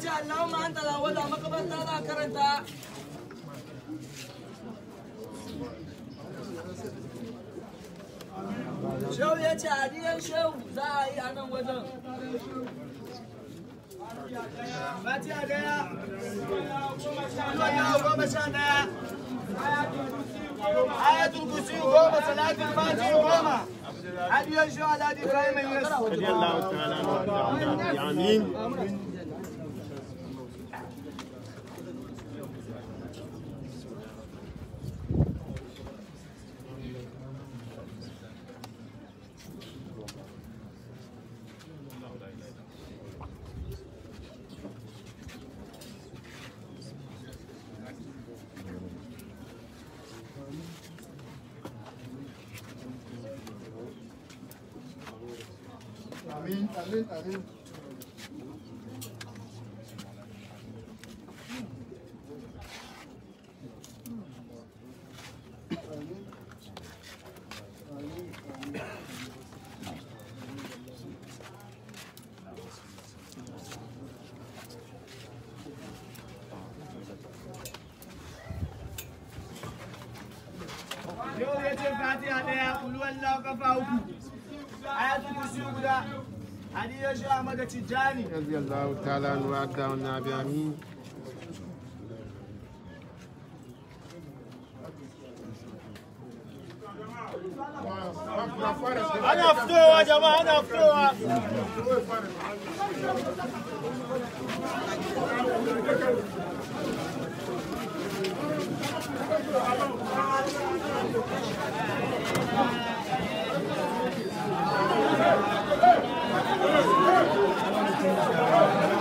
ce Allahumma anta da wada makabarta za karanta Shehu ya ce adiyar shehu za a yi a nan wajen. Fatiha daya, Fatiha goma sha daya, Ayatul Kursi goma, Salatul Fatiha goma. Adiyar shehu Alhaji Ibrahim Yunus. Kadiyallahu ta'ala wa ta'ala. Amin. Yo, ya ce fatiha daya, kulu Allah kafa uku. Ayatu kusi guda. علي شو احمد التجاني رضي الله تعالى عنه وارضى عنا بامين انا فتوى يا جماعه انا فتوى Hey! 何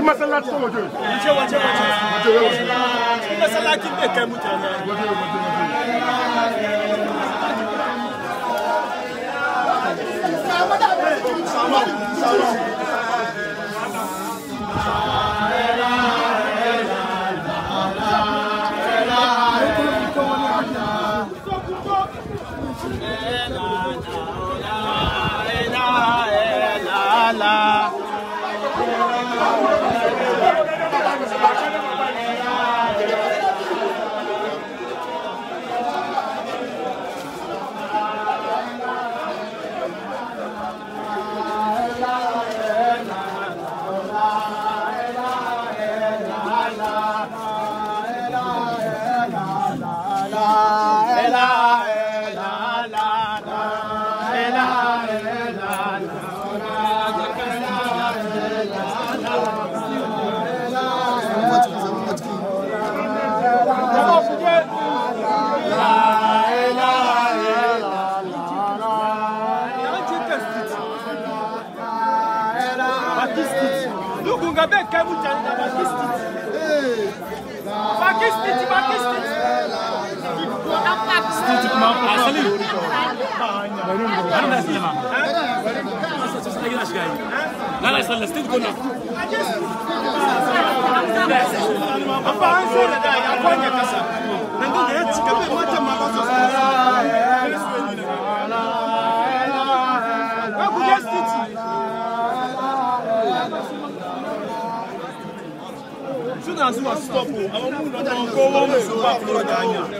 cikin masallacin waje waje waje waje cikin masallacin bai kai mutane waje waje La la la la Thank you. لا لا يصلي Soon as you are stopped, I will move on and go back to the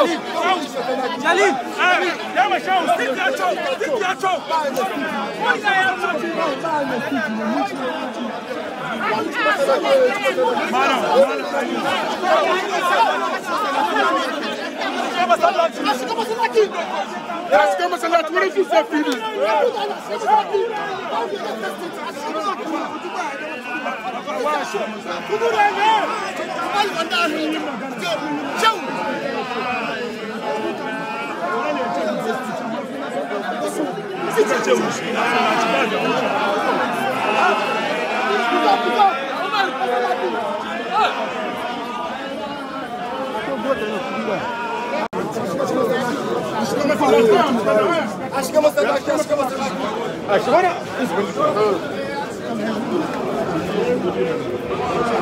Jalil! Jalil! ali! mai shawo, stick your choke! Stick your choke! Wanda ya Acho que é uma salada, agora eu fiz a filha. Acho que eu vou sair daqui, acho que eu vou sair daqui. Agora? Ah. Thank you.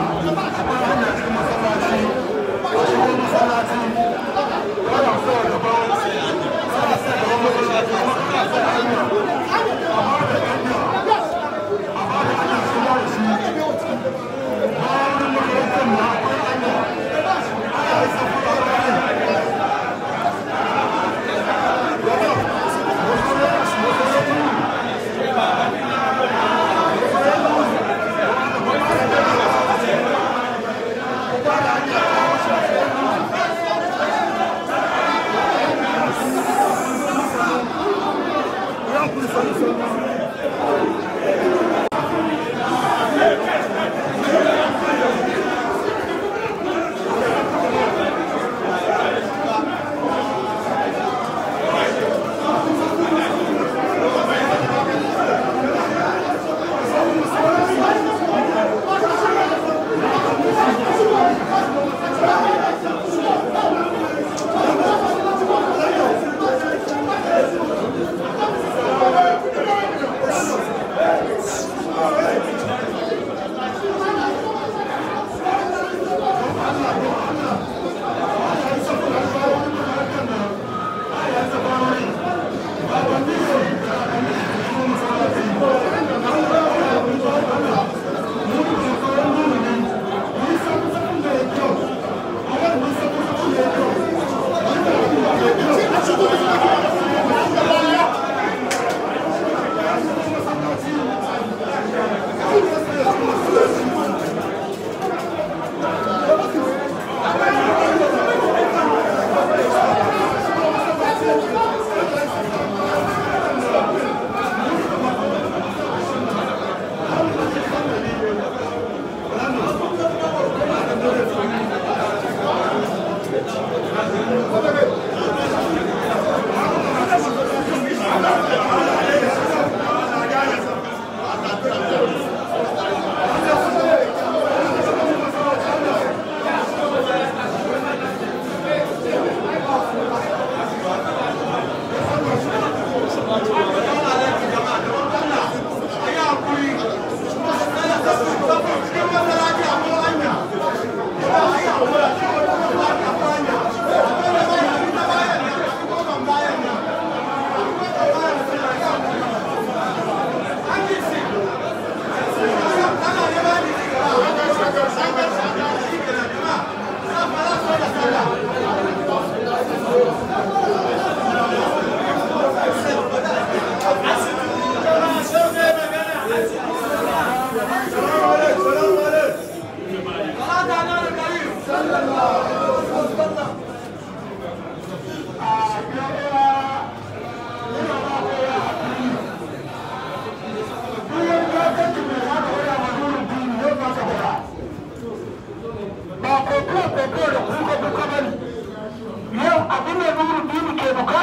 Thank you.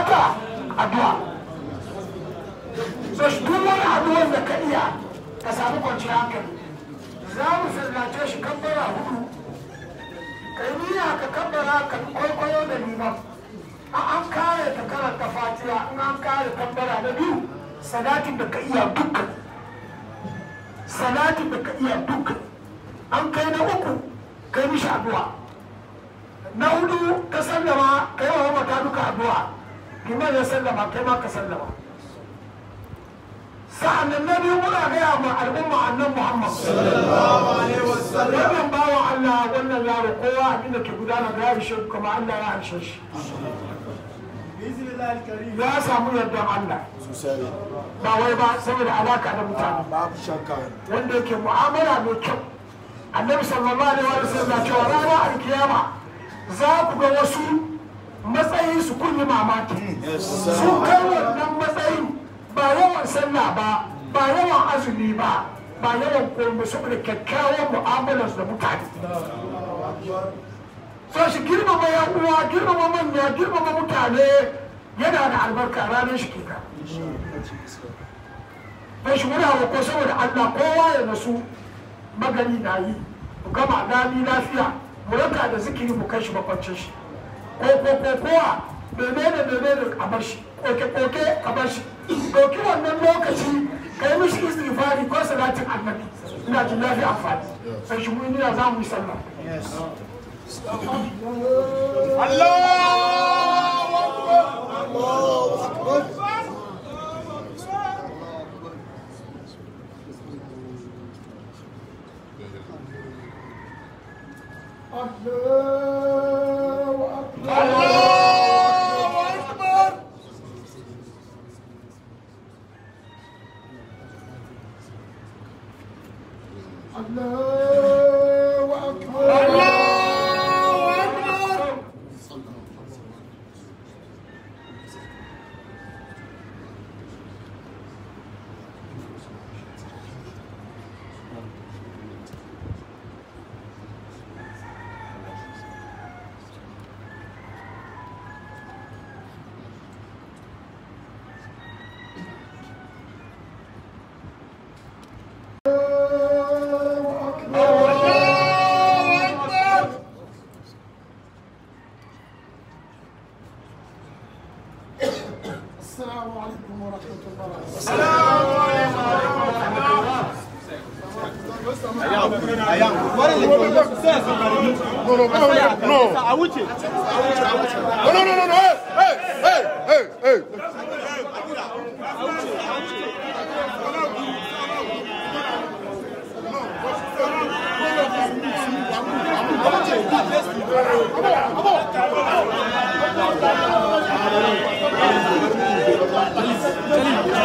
haka addu'a so shi duk wani addu'ar da ka iya ka samu kwanciyar hankali za mu sallace shi kambara hudu ka yi niyya ka kambara ka kwaikwayo da liman a an kare ta karanta fatiha in an kare kambara na biyu salatin da ka iya duka salatin da ka iya duka an kai na uku kai mishi addu'a na hudu ka sallama ka yi wa mata duka addu'a liman ya sallama kai ma ka sallama sa'annan na biyu muna gaya ma al'umma annan muhammad sallallahu alaihi wasallam wannan bawa allah wannan yaro kowa abinda ke gudana da ya ishe kuma allah ya harshe shi ya samu yardan allah ba wai ba saboda alaka da mutane babu shakka wanda yake mu'amala mai kyau annabi sallallahu alaihi wasallam cewa rana alkiyama za ku ga wasu matsayin su mamaki su kai wannan matsayin ba yawan sallah ba ba yawan azumi ba ba yawan komai da kyakkyawan mu'amalarsu da mutane so shi girmama yan uwa girmama manya girmama mutane yana da albarka ranar shi kika don shi hawa ko saboda Allah kowa ya nasu magani na yi mu gama gani lafiya mu raka da zikiri mu kai shi makwancin shi ko ko ko kowa menene menene a shi koke koke a shi ɗauki wannan lokaci ka yi mishi istighfari ko salatin annabi ina jin lafi amfani sai shi mun za mu yi sallah Allah السلام عليكم ورحمة الله وبركاته السلام عليكم ورحمة الله No, no, no, no, no. No, no, no, no, no. Hey, hey, hey, hey. Come on, come on. ali, Dali, ali.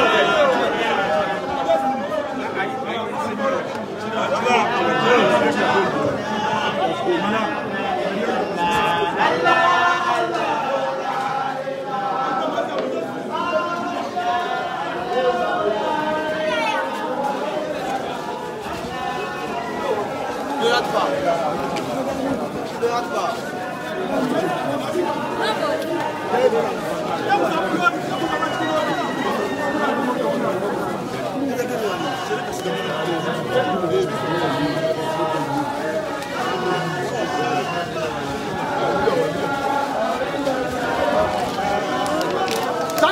That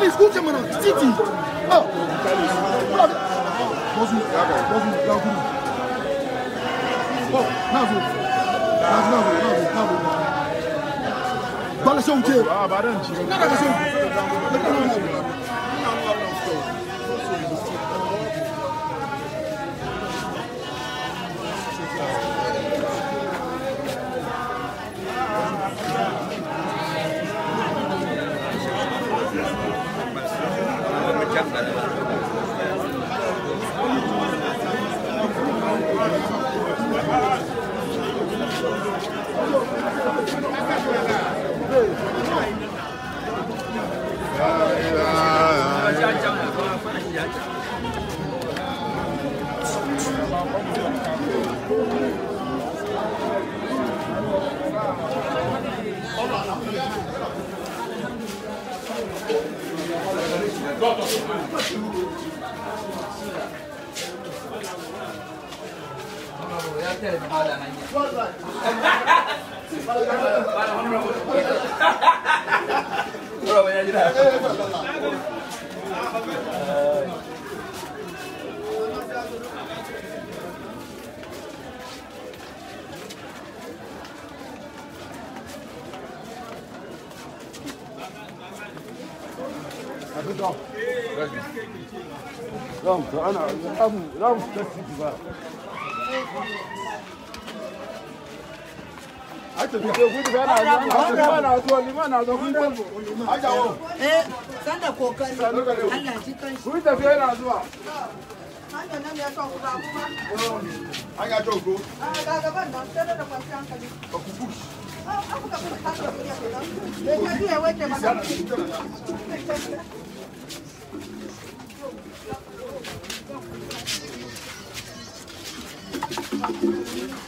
is good, man. City. Oh. Dozu. Dozu. Dozu. Oh, Nazu. Nazu, Nazu, Nazu, Nazu. Bala show, Jay. Ah, Baran. Nada, Nazu. Nada, Nazu. Honorable, ya, ya. لا انا ابو لا ni ba na zuwa ni ba na zuwa kun dalbo. Hatta wo. ji kan shi. Kun tafi yana zuwa. Ah Ah Thank you.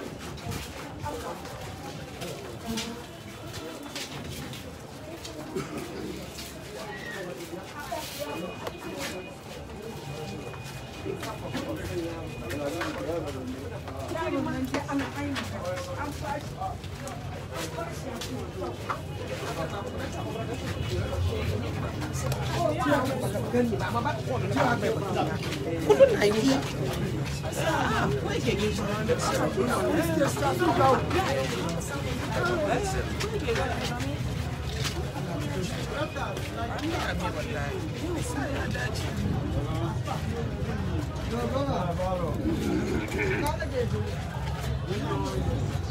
kudin na yi Thank you.